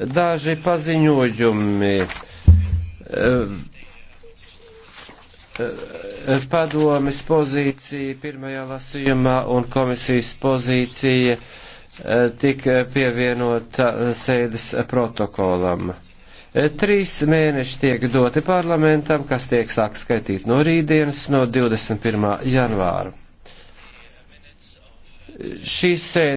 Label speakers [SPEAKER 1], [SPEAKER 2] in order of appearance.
[SPEAKER 1] daži paziņojumi eh, eh, padomis pozīcija pirmajā lasījumā un komisijas pozīcija eh, tika pievienota sēdes protokolam. Trīs mēneši tiek doti parlamentam, kas tiek sāk skaitīt no rītdienas, no 21. janvāra.
[SPEAKER 2] Šīs sēdes